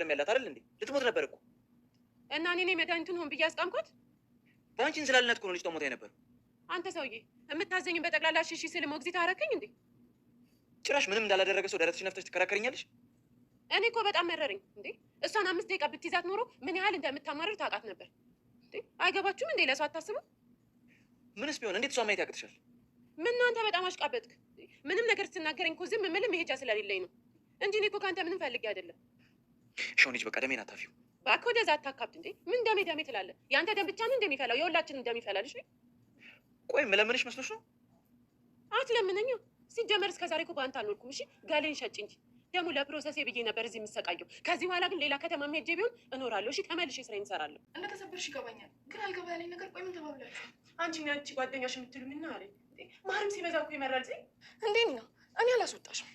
አይደለም ያላት አይደል እንዴ? ልትሞት ነበር እኮ እና እኔ ነኝ መድኃኒቱን ሆን ብዬ አስጣምኳት። በአንቺን ስላልነት ነው ልጅ ሞታ አንተ ሰውዬ የምታዘኝን በጠቅላላ ሽሺ ስል ሞግዚት አረክኝ እንዴ? ጭራሽ ምንም እንዳላደረገ ሰው ደረትሽ ነፍተሽ ትከራከርኛለሽ። እኔ እኮ በጣም መረረኝ እንዴ። እሷን አምስት ደቂቃ ብትይዛት ኖሮ ምን ያህል እንደምታማርር ታውቃት ነበር። አይገባችሁም እንዴ? ለሰው አታስብም? ምንስ ቢሆን እንዴት እሷ ማየት ያቅትሻል? ምን ነው አንተ በጣም አሽቃበጥክ። ምንም ነገር ስትናገረኝ እኮ ዝም ምልም መሄጃ ስለሌለኝ ነው እንጂ እኔ እኮ ከአንተ ምንም ፈልጌ አይደለም። ልጅ በቃ ደሜን አታፊው እባክህ። ወደዛ አታካብድ እንዴ! ምን ደሜ ደሜ ትላለህ? የአንተ ደም ብቻ ነው እንደሚፈላው የሁላችንም ደም ይፈላል። እሺ ቆይ ምለምንሽ መስሎሽ ነው? አትለምነኝ። ሲጀመር እስከ ዛሬ እኮ በአንተ አልኖርኩም። እሺ ጋሌን ሸጭ እንጂ ደግሞ ለፕሮሰስ ብዬ ነበር እዚህ የምሰቃየው። ከዚህ በኋላ ግን ሌላ ከተማ ሄጄ ቢሆን እኖራለሁ። እሺ ተመልሼ ስራዬን እሰራለሁ። እንደተሰበርሽ ይገባኛል፣ ግን አልገባ ያለኝ ነገር ቆይ ምን ተባብላችሁ አንቺ እና አንቺ ጓደኛሽ የምትሉ ምን አለኝ ማርም ሲበዛ እኮ ይመራል። ዜ እንዴ ነው? እኔ አላስወጣሽም።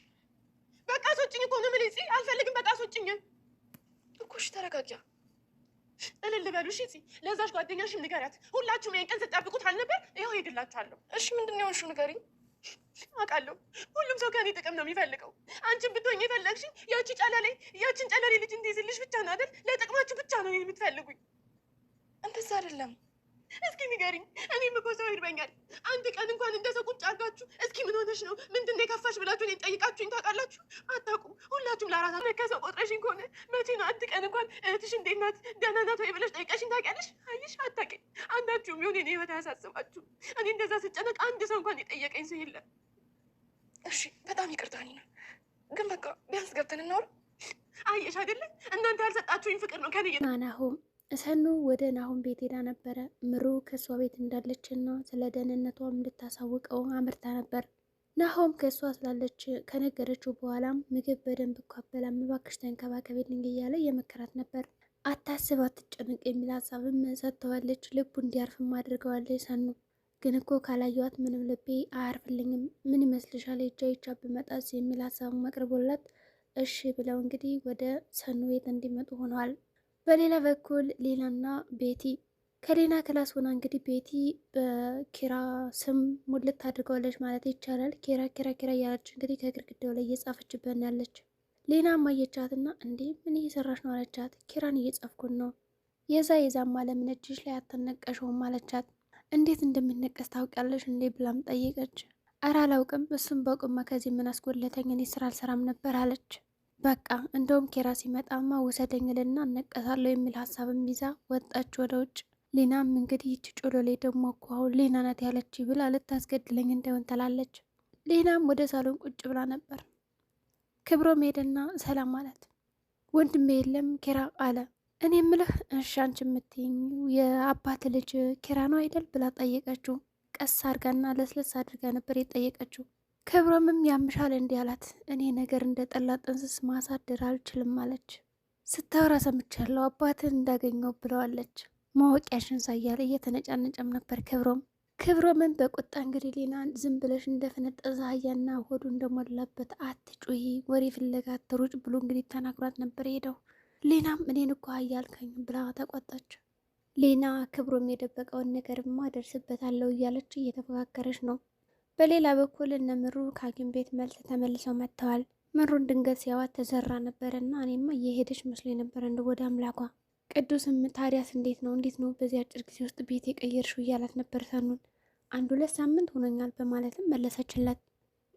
በቃ አስወጪኝ እኮ ነው የምልህ። አልፈልግም። በቃ አስወጪኝ እኮ እሺ፣ ተረጋጋ። እልል በሉ እሺ። እዚህ ለዛሽ ጓደኛሽም ንገሪያት። ሁላችሁም ይሄን ቀን ስጠብቁት አልነበር? ይኸው ሄድላችኋለሁ። እሺ፣ ምንድን ነው የሆንሽው? ንገሪኝ። አውቃለሁ ሁሉም ሰው ከኔ ጥቅም ነው የሚፈልገው። አንቺን ብትሆኝ የፈለግሽኝ ያቺ ጨለሌ ያቺን ጨለሌ ልጅ እንዲይዝልሽ ብቻ ነው አይደል? ለጥቅማችሁ ብቻ ነው የምትፈልጉኝ። እንደዛ አይደለም እስኪ ንገሪኝ። እኔም እኮ ሰው ይርበኛል። አንድ ቀን እንኳን እንደ ሰው ቁጭ አድርጋችሁ እስኪ ምን ሆነሽ ነው ምንድን ነው የከፋሽ ብላችሁ እኔን ጠይቃችሁኝ ታውቃላችሁ? አታውቁም። ሁላችሁም ለራሳችሁ ከሰው ቆጥረሽኝ ከሆነ መቼ ነው አንድ ቀን እንኳን እህትሽ እንዴት ናት ደህና ናት ወይ ብለሽ ጠይቀሽኝ ታውቂያለሽ? አይሽ አታውቂኝ። አንዳችሁም ቢሆን እኔ ህይወት አያሳስባችሁ። እኔ እንደዛ ስጨነቅ አንድ ሰው እንኳን የጠየቀኝ ሰው የለም። እሺ በጣም ይቅርታ ነው ግን በቃ ቢያንስ ገብተን እናወራ። አየሽ አይደለም እናንተ ያልሰጣችሁኝ ፍቅር ነው ከኔ ናናሁም ሰኑ ወደ ናሁን ቤት ሄዳ ነበረ። ምሩ ከእሷ ቤት እንዳለች ስለ ደህንነቷም እንድታሳውቀው አምርታ ነበር። ናሆም ከእሷ ስላለች ከነገረችው በኋላም ምግብ በደንብ እኮ አበላም ተንከባከቤልኝ እያለ የመከራት ነበር። አታስብ፣ አትጨነቅ የሚል ሀሳብም ሰጥተዋለች። ልቡ እንዲያርፍም አድርገዋለች። ሰኑ ግን እኮ ካላየዋት ምንም ልቤ አያርፍልኝም፣ ምን ይመስልሻል እጃ ይቻ ብመጣስ የሚል ሀሳብም አቅርቦላት እሺ ብለው እንግዲህ ወደ ሰኑ ቤት እንዲመጡ ሆነዋል። በሌላ በኩል ሌናና ቤቲ ከሌና ክላስ ሆና እንግዲህ ቤቲ በኪራ ስም ሙልት አድርገዋለች ማለት ይቻላል። ኪራ ኪራ ኪራ እያለች እንግዲህ ከግድግዳው ላይ እየጻፈችበት ያለች ሌና ማየቻትና እንዴ ምን እየሰራች ነው አለቻት። ኪራን እየጻፍኩን ነው። የዛ የዛ አለምን እጅሽ ላይ አተነቀሸውም አለቻት። እንዴት እንደሚነቀስ ታውቂያለሽ እንዴ ብላም ጠየቀች። እረ አላውቅም፣ እሱም በቁማ ከዚህ ምን አስጎለተኝ እኔ ስራ አልሰራም ነበር አለች። በቃ እንደውም ኬራ ሲመጣማ ውሰደኝልና እነቀሳለሁ የሚል ሀሳብም ይዛ ወጣች ወደ ውጭ። ሊናም እንግዲህ ይቺ ጮሎሌ ደግሞ እኮ አሁን ሊና ናት ያለች ብላ ልታስገድለኝ እንዳይሆን ትላለች። ሊናም ወደ ሳሎን ቁጭ ብላ ነበር። ክብሮም ሄደና ሰላም አላት። ወንድሜ የለም ኬራ አለ። እኔ ምልህ እሺ፣ አንቺ የምትይኝ የአባት ልጅ ኬራ ነው አይደል ብላ ጠየቀችው። ቀስ አድርጋና ለስለስ አድርጋ ነበር የጠየቀችው። ክብሮምም ያምሻል እንዲህ አላት። እኔ ነገር እንደ ጠላ ጥንስስ ማሳደር አልችልም አለች። ስታወራ ሰምቻለሁ አባትን እንዳገኘው ብለዋለች። ማወቂያሽን ሳያለ እየተነጫነጨም ነበር ክብሮም ክብሮምን በቁጣ እንግዲህ ሌና ዝም ብለሽ እንደፈነጠዘ አህያና ሆዱ እንደሞላበት አትጩሂ፣ ወሬ ፍለጋ አትሩጭ ብሎ እንግዲህ ተናግሯት ነበር ሄደው። ሌናም እኔን እኮ አህያ አልከኝ ብላ ተቆጣች። ሌና ክብሮም የደበቀውን ነገርማ ደርስበታለሁ እያለች እየተፈካከረች ነው። በሌላ በኩል እነ ምሩ ከሐኪም ቤት መልስ ተመልሰው መጥተዋል። ምሩን ድንገት ሲያዋት ተዘራ ነበረና እኔማ እየሄደች መስሎ የነበረ እንደ ወደ አምላኳ። ቅዱስም ታዲያስ እንዴት ነው እንዴት ነው በዚህ አጭር ጊዜ ውስጥ ቤት የቀየርሽው እያላት ነበር ሰኑን። አንድ ሁለት ሳምንት ሆኖኛል በማለትም መለሰችለት።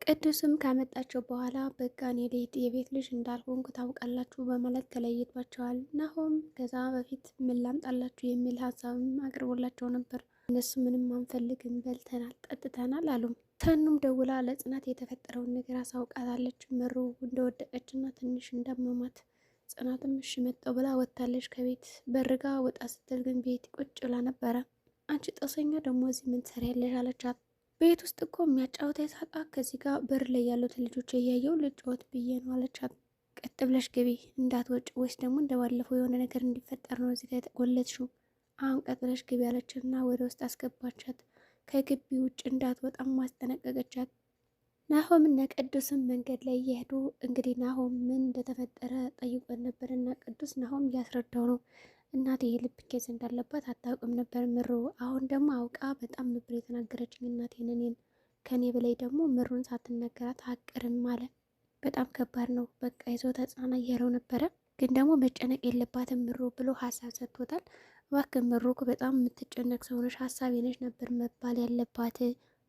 ቅዱስም ካመጣቸው በኋላ በቃ እኔ የቤት ልጅ እንዳልሆንኩ ታውቃላችሁ በማለት ተለይቷቸዋል። ናሆም ከዛ በፊት ምን ላምጣላችሁ የሚል ሀሳብም አቅርቦላቸው ነበር። እነሱ ምንም አንፈልግም በልተናል፣ ጠጥተናል አሉም። ተኑም ደውላ ለጽናት የተፈጠረውን ነገር አሳውቃታለች። ምሩ እንደወደቀችና ትንሽ እንዳመማት ጽናትም እሺ መጣሁ ብላ ወጥታለች ከቤት በርጋ ወጣ ስትል ግን ቤት ቁጭ ብላ ነበረ። አንቺ ጦሰኛ ደግሞ እዚህ ምን ትሰሪያለሽ? አለቻት። ቤት ውስጥ እኮ የሚያጫወታ የሳጣ ከዚህ ጋር በር ላይ ያሉትን ልጆች እያየው ልጫወት ብዬ ነው አለቻት። ቀጥ ብለሽ ግቢ እንዳትወጭ፣ ወይስ ደግሞ እንደባለፈው የሆነ ነገር እንዲፈጠር ነው እዚህ ጋር የተቆለትሽው። አሁን ቀጥ ብለሽ ግቢ አለችና ወደ ውስጥ አስገባቻት። ከግቢ ውጭ እንዳትወጣም ማስጠነቀቀቻት። እና ቅዱስም መንገድ ላይ እየሄዱ እንግዲህ ናሆም ምን እንደተፈጠረ ጠይቆን ነበር እና ቅዱስ ናሆም እያስረዳው ነው። እናቴ የልብ ኬዝ እንዳለባት አታውቅም ነበር ምሩ። አሁን ደግሞ አውቃ በጣም ነበር የተናገረችኝ እናቴን እኔን ከኔ በላይ ደግሞ ምሩን ሳትነገራት አቅርም አለ። በጣም ከባድ ነው። በቃ ይዞ ተጽናና እያለው ነበረ። ግን ደግሞ መጨነቅ የለባትም ምሩ ብሎ ሀሳብ ሰጥቶታል። እባክህ ብሩክ በጣም የምትጨነቅ ሰው ነሽ፣ ሀሳቢ ነሽ ነበር መባል ያለባት።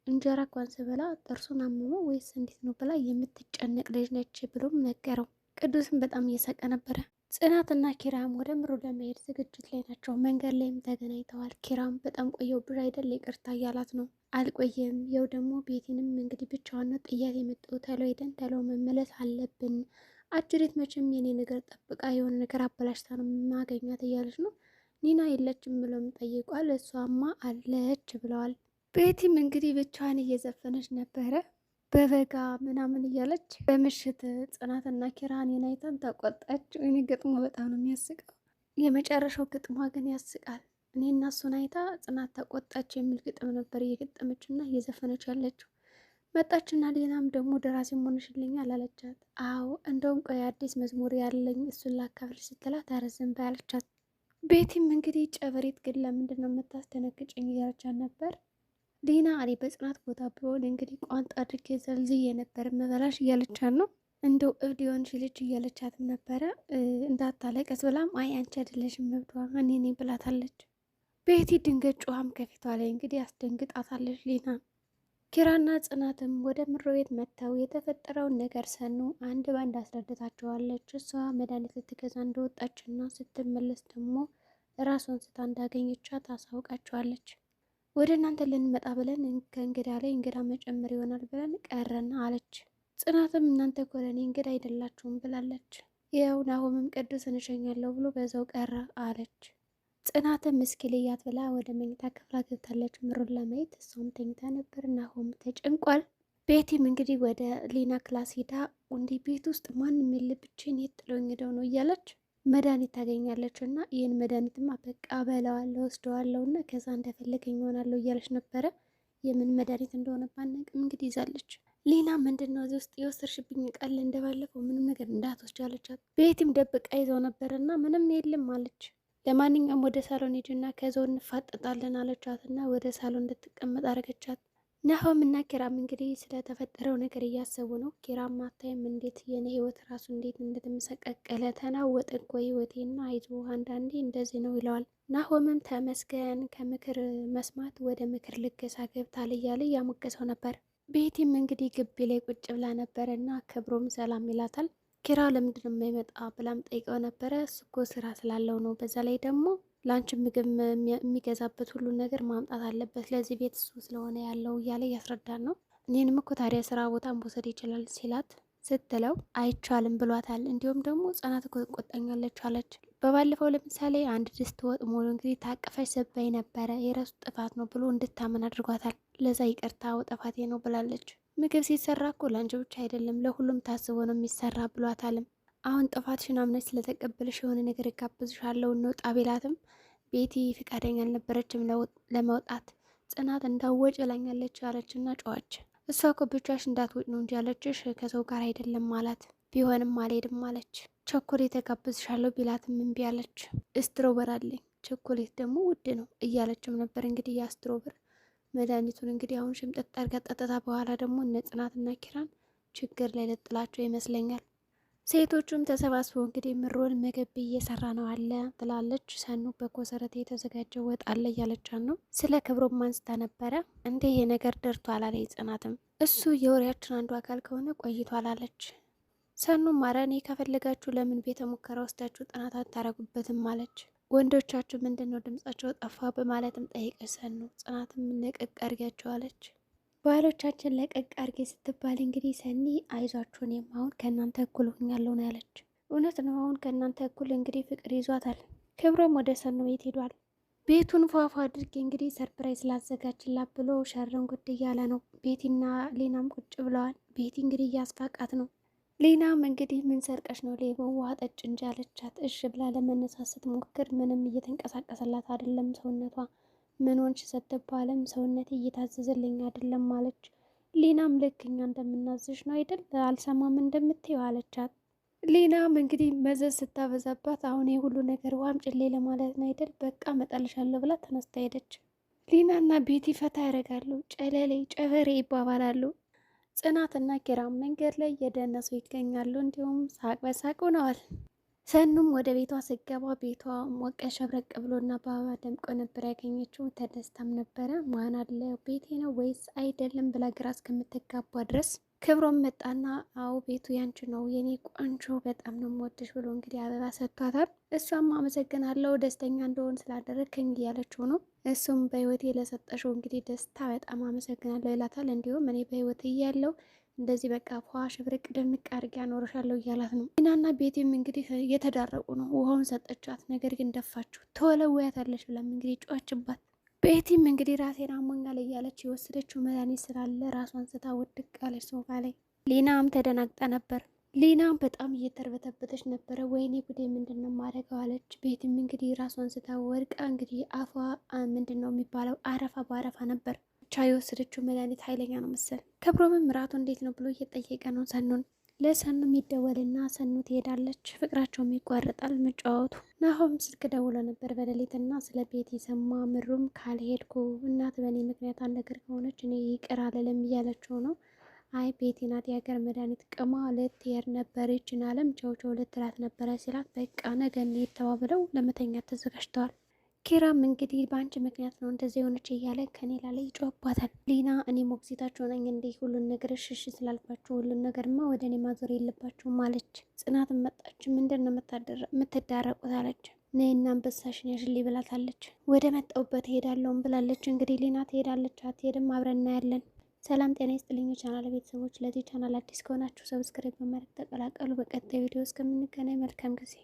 እንጀራ እንኳን ስበላ ጥርሱን አምሞ ወይስ እንዴት ነው ብላ የምትጨነቅ ልጅ ነች ብሎም ነገረው። ቅዱስም በጣም እየሳቀ ነበረ። ጽናትና ኪራም ወደ ምሩ ለመሄድ ዝግጅት ላይ ናቸው። መንገድ ላይም ተገናኝተዋል። ኪራም በጣም ቆየው ብር አይደል ይቅርታ እያላት ነው። አልቆየም የው ደግሞ ቤቴንም እንግዲህ ብቻዋን ነው ጥያት የመጡ ተለው ሄደን ተለው መመለስ አለብን። አጅሬት መቼም የኔ ነገር ጠብቃ የሆነ ነገር አበላሽታ ነው ማገኛት እያለች ነው ኒና የለችም ብሎም ጠይቋል። እሷማ አለች ብለዋል። ቤቲም እንግዲህ ብቻዋን እየዘፈነች ነበረ በበጋ ምናምን እያለች በምሽት ጽናትና ኪራን ናይታን ተቆጣች። እኔ ግጥሞ በጣም ነው የሚያስቀው። የመጨረሻው ግጥሟ ግን ያስቃል። እኔ እና እሱን አይታ ጽናት ተቆጣች የሚል ግጥም ነበር እየገጠመች እና እየዘፈነች ያለችው። መጣችና ሌላም ደግሞ ደራሲ ሆንሽልኛል አለቻት። አዎ እንደውም ቆይ አዲስ መዝሙር ያለኝ እሱን ላካፍል ስትላት አረዘን ባያለቻት ቤቲም እንግዲህ ጨበሬት ግን ለምንድን ነው የምታስደነግጭኝ እያለቻት ነበር። ሊና እኔ በጽናት ቦታ ቢሆን እንግዲህ ቋንጣ አድርጌ ዘልዝዬ የነበር መበላሽ እያለቻት ነው። እንደው እብድ የሆንሽ ልጅ እያለቻትም ነበረ። እንዳታለቀስ ብላም አይ አንቺ አይደለሽም መብቷ እኔ ነኝ ብላታለች። ቤቲ ድንገት ጩሃም ከፊቷ ላይ እንግዲህ አስደንግጣታለች ሊና። ኪራና ጽናትም ወደ ምሮ ቤት መጥተው የተፈጠረውን ነገር ሰኑ አንድ ባንድ አስረድታቸዋለች። እሷ መድኃኒት ልትገዛ እንደወጣችና ስትመለስ ደግሞ ራሱን ስታ እንዳገኘቻት ታሳውቃቸዋለች። ወደ እናንተ ልንመጣ ብለን ከእንግዳ ላይ እንግዳ መጨመር ይሆናል ብለን ቀረና አለች። ጽናትም እናንተ እኮ ለእኔ እንግዳ አይደላችሁም ብላለች። ያው ናሆምም ቅዱስ እንሸኛለሁ ብሎ በዛው ቀረ አለች። ጽናትም እስኪ ልያት ብላ ወደ መኝታ ክፍላ ገብታለች ምሩን ለማየት። እሷም ተኝታ ነበር። ናሆም ተጨንቋል። ቤቲም እንግዲህ ወደ ሊና ክላስ ሄዳ እንዲህ ቤት ውስጥ ማንም የለ ብቻዬን የት ጥሎኝ ሄደው ነው እያለች መድኃኒት ታገኛለች እና ይህን መድኃኒትማ በቃ በላዋለሁ ወስደዋለሁ እና ከዛ እንደፈለገኝ ይሆናለሁ እያለች ነበረ። የምን መድኃኒት እንደሆነ ባናቅም እንግዲህ ይዛለች። ሌና ምንድን ነው እዚህ ውስጥ የወሰድሽብኝ ቀል እንደባለፈው ምንም ነገር እንዳትወስጂ አለቻት። ቤቲም ደብቃ ይዘው ነበር እና ምንም የለም አለች። ለማንኛውም ወደ ሳሎን ሂጂና ከዛው እንፋጠጣለን አለቻት እና ወደ ሳሎን እንድትቀመጥ አረገቻት። ናሆም እና ኪራም እንግዲህ ስለተፈጠረው ነገር እያሰቡ ነው። ኪራም ማታይም እንዴት የኔ ህይወት ራሱ እንዴት እንደተመሰቀቀለ ተናወጠ እኮ ህይወቴና፣ አይዞ አንዳንዴ እንደዚህ ነው ይለዋል። ናሆምም ተመስገን ከምክር መስማት ወደ ምክር ልገሳ ገብታል እያለ እያሞገሰው ነበር። ቤቲም እንግዲህ ግቢ ላይ ቁጭ ብላ ነበረ እና ክብሮም ሰላም ይላታል። ኪራ ለምንድን የማይመጣ ብላም ጠይቀው ነበረ። እሱ እኮ ስራ ስላለው ነው፣ በዛ ላይ ደግሞ ለአንቺ ምግብ የሚገዛበት ሁሉን ነገር ማምጣት አለበት፣ ለዚህ ቤት እሱ ስለሆነ ያለው እያለ እያስረዳን ነው። እኔንም እኮ ታዲያ ስራ ቦታን መውሰድ ይችላል ሲላት ስትለው አይቻልም ብሏታል። እንዲሁም ደግሞ ህጻናት እኮ ትቆጣኛለች አለች። በባለፈው ለምሳሌ አንድ ድስት ወጥ ሞሉ እንግዲህ ታቅፈሽ ስበይ ነበረ የራሱ ጥፋት ነው ብሎ እንድታመን አድርጓታል። ለዛ ይቅርታ ጥፋቴ ነው ብላለች። ምግብ ሲሰራ እኮ ለአንቺ ብቻ አይደለም ለሁሉም ታስቦ ነው የሚሰራ ብሏታልም። አሁን ጥፋትሽን አምነሽ ስለተቀበልሽ የሆነ ነገር እጋብዝሻለሁ እንውጣ ቢላትም ቤቲ ፍቃደኛ አልነበረችም ለመውጣት። ጽናት እንዳወጭ ላኛለች አለችና ጨዋች። እሷ እኮ ብቻሽ እንዳትወጭ ነው እንጂ ያለችሽ ከሰው ጋር አይደለም አላት። ቢሆንም አልሄድም አለች። ቸኮሌት ተጋብዝሻለሁ ቢላትም እምቢ አለች። እስትሮበር አለኝ ቸኮሌት ደግሞ ውድ ነው እያለችም ነበር። እንግዲህ የአስትሮበር መድኃኒቱን እንግዲህ አሁን ሽምጥጥ አድርጋ ጠጥታ በኋላ ደግሞ እነ ጽናትና ኪራን ችግር ላይ ለጥላቸው ይመስለኛል። ሴቶቹም ተሰባስበው እንግዲህ ምሮን ምግብ እየሰራ ነው አለ ትላለች። ሰኑ በኮሰረት የተዘጋጀ ወጥ አለ እያለቻት ነው። ስለ ክብሮም አንስታ ነበረ። እንደ ይሄ ነገር ደርቶ አላለ ጽናትም እሱ የወሬያችን አንዱ አካል ከሆነ ቆይቶ አላለች። ሰኑም አረ እኔ ከፈለጋችሁ ለምን ቤተ ሙከራ ወስዳችሁ ጥናት አታረጉበትም አለች። ወንዶቻችሁ ምንድን ነው ድምጻቸው ጠፋ በማለትም ጠይቀ ሰኑ። ጽናትም ንቅቅ አርጊያቸው አለች። ባህሎቻችን ለቀቅ አርጌ ስትባል እንግዲህ ሰኒ አይዟችሁን የማሁን ከእናንተ እኩል ሆኛለሁ ነው ያለች። እውነት ነው። አሁን ከእናንተ እኩል እንግዲህ ፍቅር ይዟታል። ክብሮም ወደ ሰኑ ቤት ሄዷል። ቤቱን ፏፏ አድርጌ እንግዲህ ሰርፕራይዝ ላዘጋጅላት ብሎ ሸርን ጉድ እያለ ነው። ቤቲና ሌናም ቁጭ ብለዋል። ቤቲ እንግዲህ እያስፋቃት ነው። ሌናም እንግዲህ ምን ሰርቀሽ ነው ሌቦ ውሃ ጠጭ እንጂ አለቻት። እሽ ብላ ለመነሳት ስትሞክር ምንም እየተንቀሳቀሰላት አይደለም ሰውነቷ ምን ሆንሽ ስትባልም ሰውነት እየታዘዘልኝ አይደለም አለች። ሊናም ልክ እኛ እንደምናዝሽ ነው አይደል አልሰማም እንደምትይው አለቻት። ሊናም እንግዲህ መዘዝ ስታበዛባት አሁን የሁሉ ነገር ውሃም ጭሌ ለማለት ነው አይደል በቃ መጣልሻለሁ ብላ ተነስታ ሄደች። ሊናና ቤቲ ፈታ ያደርጋሉ። ጨለሌ ጨበሬ ይባባላሉ። ጽናትና ኪራም መንገድ ላይ እየደነሱ ይገኛሉ። እንዲሁም ሳቅ በሳቅ ሆነዋል። ሰኑም ወደ ቤቷ ስገባ ቤቷ ሞቀ ሸብረቅ ብሎና በአበባ ደምቆ ነበር ያገኘችው። ተደስታም ነበረ። ማን አለ ቤቴ ነው ወይስ አይደለም ብላ ግራ እስከምትጋባ ድረስ ክብሮም መጣና አዎ ቤቱ ያንቺ ነው የኔ ቆንጆ በጣም ነው የምወድሽ ብሎ እንግዲህ አበባ ሰጥቷታል። እሷም አመሰግናለሁ ደስተኛ እንደሆን ስላደረግከኝ እያለችው ነው። እሱም በህይወቴ ለሰጠሽው እንግዲህ ደስታ በጣም አመሰግናለሁ ይላታል። እንዲሁም እኔ በህይወት እያለው እንደዚህ በቃ ፏ ሽብርቅ ደምቅ አድርጌ አኖርሻለሁ እያላት ነው። ቲናና ቤቲም እንግዲህ እየተዳረቁ ነው። ውሃውን ሰጠቻት፣ ነገር ግን ደፋችሁ ተወለወያታለች ብላም እንግዲህ ጨዋችባት። ቤቲም እንግዲህ ራሴን አሞኛል እያለች የወሰደችው መድኃኒት ስላለ ራሷን ስታ ወድቅ አለች ሶፋ ላይ። ሊናም ተደናግጣ ነበር። ሊናም በጣም እየተርበተበተች ነበረ። ወይኔ ጉዴ ምንድን ነው ማድረገው? አለች ቤትም እንግዲህ ራሷን ስታ ወድቃ እንግዲህ አፏ ምንድን ነው የሚባለው አረፋ በአረፋ ነበር። ብቻ የወሰደችው መድኃኒት ኃይለኛ ነው መሰል። ክብሮምም ምራቱ እንዴት ነው ብሎ እየጠየቀ ነው ሰኑን። ለሰኑ ይደወልና ሰኑ ትሄዳለች። ፍቅራቸውም ይቋረጣል መጫወቱ። ናሆም ስልክ ደውሎ ነበር በሌሊትና ስለ ቤት የሰማ ምሩም ካልሄድኩ እናት በእኔ ምክንያት አንድ ነገር ከሆነች እኔ ይቅር አልልም እያለችው ነው። አይ ቤቲ ናት የሀገር መድኃኒት ቅማ ልትሄድ ነበር ይችን አለም ቸውቸው ልትላት ነበረ ሲላት፣ በቃ ነገ እንሂድ ተባብለው ለመተኛት ተዘጋጅተዋል። ኪራም እንግዲህ በአንቺ ምክንያት ነው እንደዚህ የሆነች እያለ ከኔ ላለ ይጮባታል። ሊና እኔ ሞግዚታችሁ ነኝ እንዲህ ሁሉን ነገር ሽሽ ስላልኳችሁ ሁሉን ነገርማ ወደ እኔ ማዞር የለባችሁም አለች። ጽናት መጣች። ምንድን ነው የምትዳረቁት አለች። ነይና አንበሳሽን ያዥልኝ ብላታለች። ወደ መጣሁበት እሄዳለሁም ብላለች። እንግዲህ ሊና ትሄዳለች አትሄድም፣ አብረን እናያለን። ሰላም ጤና ይስጥልኝ ቻናል ቤተሰቦች፣ ለዚህ ቻናል አዲስ ከሆናችሁ ሰብስክራይብ በማድረግ ተቀላቀሉ። በቀጣይ ቪዲዮ እስከምንገናኝ መልካም ጊዜ